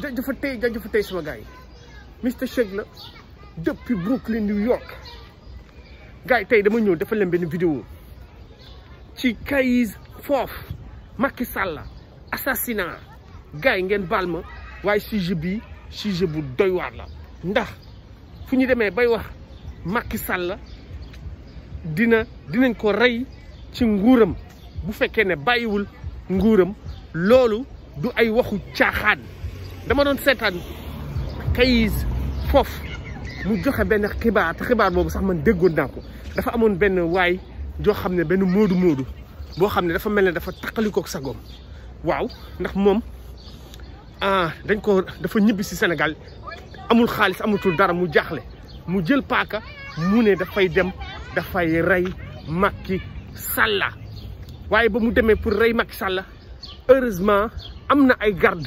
jaajëfa tey jaajëfa tey sama gars yi Mister Shake la depuis Brooklyn New York gars tey dama ñëw dafa leen benn vidéo ci Kayz Fof Macky Sall assassinat gars yi ngeen baal ma waaye sujet bii sujet bu doy la ndax fu ñu demee bay wax makki Sall dina dinañ ko rey ci nguuram bu fekkee ne bàyyiwul nguuram loolu du ay waxu caaxaan dama don seetaan kayis fof mu joxe ben xibaar te xibaar bobu sax man deggon nako dafa amone ben way jo xamne ben modou modou bo xamne dafa melne dafa takaliko ak sagom waw ndax mom ah dañ ko dafa ñibbi ci Sénégal amul xaalis amatul dara mu jaxle mu jël paka mu ne fay dem fay ray makki salla waye ba mu démé pour ray makki salla heureusement amna ay garde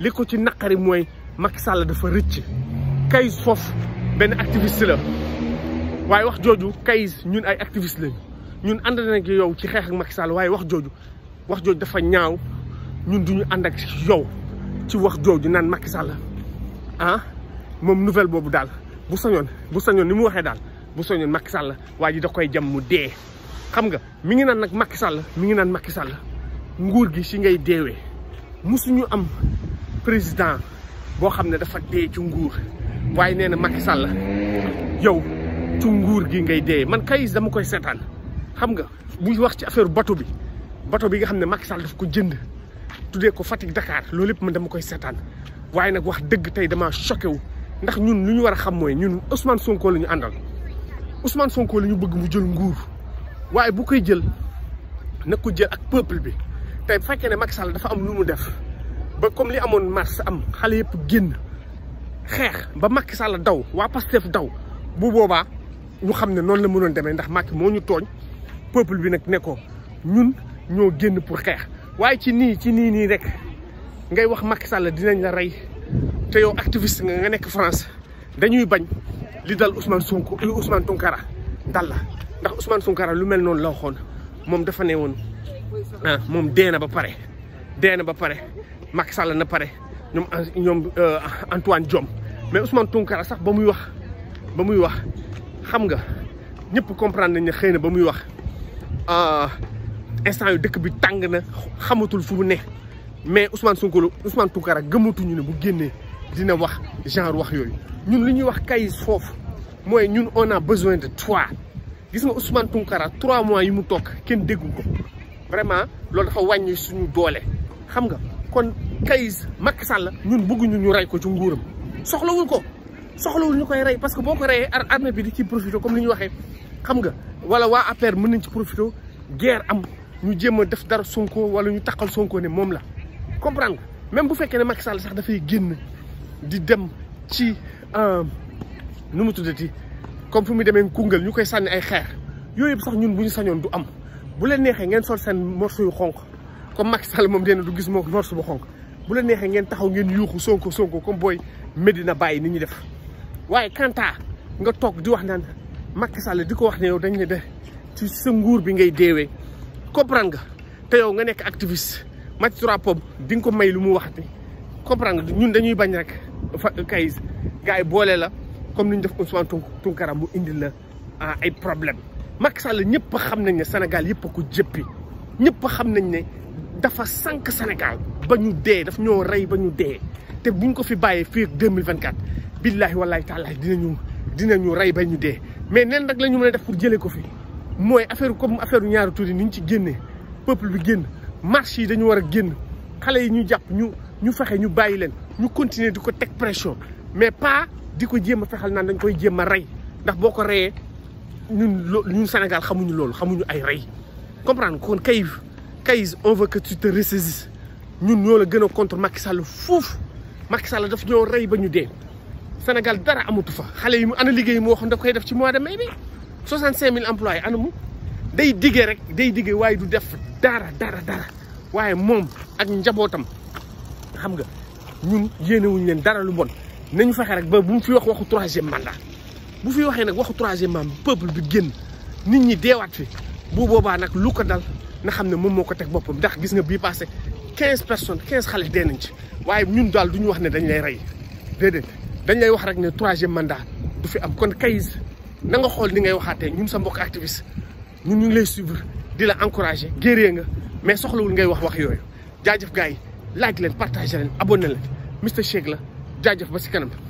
li ko ci naqari mooy Macky Sall dafa rëcc Kayz foofu benn activiste la waaye wax jooju kayis ñun ay activiste lañu ñun ànd nañ ak yow ci xeex ak Sall waaye wax jooju wax jooju dafa ñaaw ñun duñu ànd ak yow ci wax jooju naan Macky Sall ah moom nouvelle boobu daal bu sañoon bu sañoon ni mu waxee daal bu soñoon Macky Sall waa ji da koy jam mu dee xam nga mi ngi naan nag Macky Sall mi ngi naan Macky Sall nguur gi si ngay deewee musuñu am président boo xam ne dafa dee ci nguur waaye nee na Macky Sall yow ci nguur gi ngay dee man kayis dama koy seetaan xam nga buy wax ci affaire bato bi bato bi nga xam ne Macky Sall daf ko jënd tuddee ko Fatick Dakar loolu yëpp man dama koy seetaan waaye nag wax dëgg tey damaa choqué wu ndax ñun lu ñu war a xam mooy ñun Ousmane Sonko la ñu àndal Ousmane Sonko la ñu bëgg mu jël nguur waaye bu koy jël na ko jël ak peuple bi tey bu fekkee ne Macky Sall dafa am lu mu def. ba comme li amoon mars am xale yëpp génn xeex ba Macky Sall daw waa Pastef daw bu boobaa ñu xam ne noonu la mënoon demee ndax Macky moo ñu tooñ peuple bi nag ne ko ñun ñoo génn pour xeex waaye ci nii ci nii nii rek ngay wax Macky Sall dinañ la rey te yow activiste nga nga nekk France dañuy bañ li dal Ousmane Sonko li Ousmane dal la ndax Ousmane Tounkara lu mel noonu la waxoon moom dafa ne woon ah, moom dee na ba pare deena ba pare Macky Sall na pare ñoom ñoom euh, Antoine Diom mais Ousmane Tounkara sax bamuy wax bamuy wax xam nga ñëpp comprendre nañ xeyna bamuy wax ba euh, instant yu dëkk bi tang na xamatul fu mu ne mais Ousmane Sonko Ousmane Tounkara ñu ne bu génné dina wax genre wax yoyu ñun li ñuy wax kay foofu moy ñun on a besoin de toi gis nga Ousmane Tounkara trois mois yi mu tok kenn déggu ko vraiment loolu dafa wañi suñu doole xam nga. kon Kayz Macky Sall ñun bëgguñu ñu rey ko ci nguuram soxlawul ko soxlawul ñu koy rey parce que boo ko reyee armée bi di ci profité comme li ñu waxee xam nga wala waa APR mën nañ ci profité guerre am ñu jéem a def dara Sonko wala ñu takkal Sonko ne moom la comprendre nga même bu fekkee ne Macky Sall sax dafay génn di dem ci euh, nu mu tuddati comme fu muy demee Koungheul ñu koy sànni ay xeer yooyu yëpp sax ñun bu ñu sañoon du am bu leen neexee ngeen sol seen morceau yu xonq comme Macky Sall moom nee na du gis moo noor bu xonk bu la neexee ngeen taxaw ngeen yuuxu sonko sonko comme booy Medina bàyyi ni ñuy def waaye Kanta nga toog di wax naan Macky Sall di ko wax ne yow dañ ci sa nguur bi ngay deewee comprendre te yow nga nekk activiste Maty Trois di nga ko may lu mu wax ni comprendre nga ñun dañuy bañ rek fa kay gars boole la comme ni ñu def Ousmane Tounkara mu indil la ay problème Macky Sall ñëpp xam nañ ne Sénégal yëpp ko jëppi ñëpp xam nañ ne dafa sànq Sénégal ba ñu dee dafa ñoo rey ba ñu dee te bu buñ ko fi bàyyee fii ak 2024 billaahi wallaahi taalaahi dinañu dinañu rey ba ñu dee mais neen rek lañu ñu mën a def pour jëlee ko fi mooy affaire comme affaire ñaari tuuti ni ñu ci génnee peuple bi génn marche yi dañu war a génn xale yi ñu jàpp ñu ñu fexe ñu bàyyi leen ñu continuer di ko teg pression mais pas di ko jéem a fexal naan dañ koy jéem a rey ndax boo ko reyee ñun ñun Sénégal xamuñu loolu xamuñu ay rey comprendre kon Kaïs on veut que tu te ressaisisses nous, ñoo la gën a contre Macky Sall foofu Macky Sall daf ñoo rey ba ñu dee Sénégal dara amatu fa xale yi mu ana liggéey moo xam daf koy def ci mois de mai bi 65000 employés ana mu day diggee rek day diggee waaye du def dara dara dara nous, moom ak njabootam xam nga ñun yéenewuñ leen nous, lu bon nañu fexe rek ba bu mu fi wax waxu troisième mandat bu fi waxee nag waxu troisième mandat peuple bi génn nit ñi deewaat fi bu boobaa nag lu ko dal. na xam ne moom moo ko teg boppam ndax gis nga bii passé personnes 15 xale dee ci waye ñun dal duñu wax ne dañ lay ray déedéet dañ lay wax rek ne e mandat du fi am kon Kayz na nga xol ni ngay waxaatee ñun sa mbokk activiste ñun ñu ngi lay suivre di la encouragé guerrier nga mais soxlawul ngay wax wax yoyu jaajëf gars like laaj leen partagé leen abonné leen mr Shake la jaajëf ba ci kanam